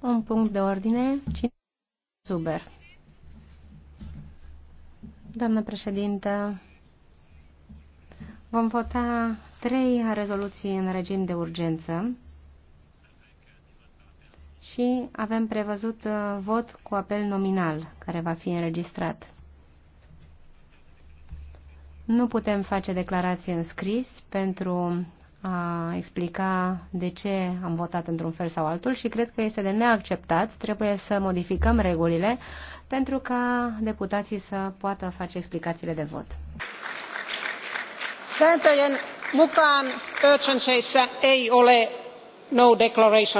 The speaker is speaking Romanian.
Un punct de ordine. Cine? Zuber. Doamnă președintă, vom vota trei rezoluții în regim de urgență și avem prevăzut uh, vot cu apel nominal, care va fi înregistrat. Nu putem face declarații în scris pentru a explica de ce am votat într-un fel sau altul și cred că este de neacceptat. Trebuie să modificăm regulile pentru ca deputații să poată face explicațiile de vot. Sääntöjen mukaan Urgentseissä ei ole no declaration.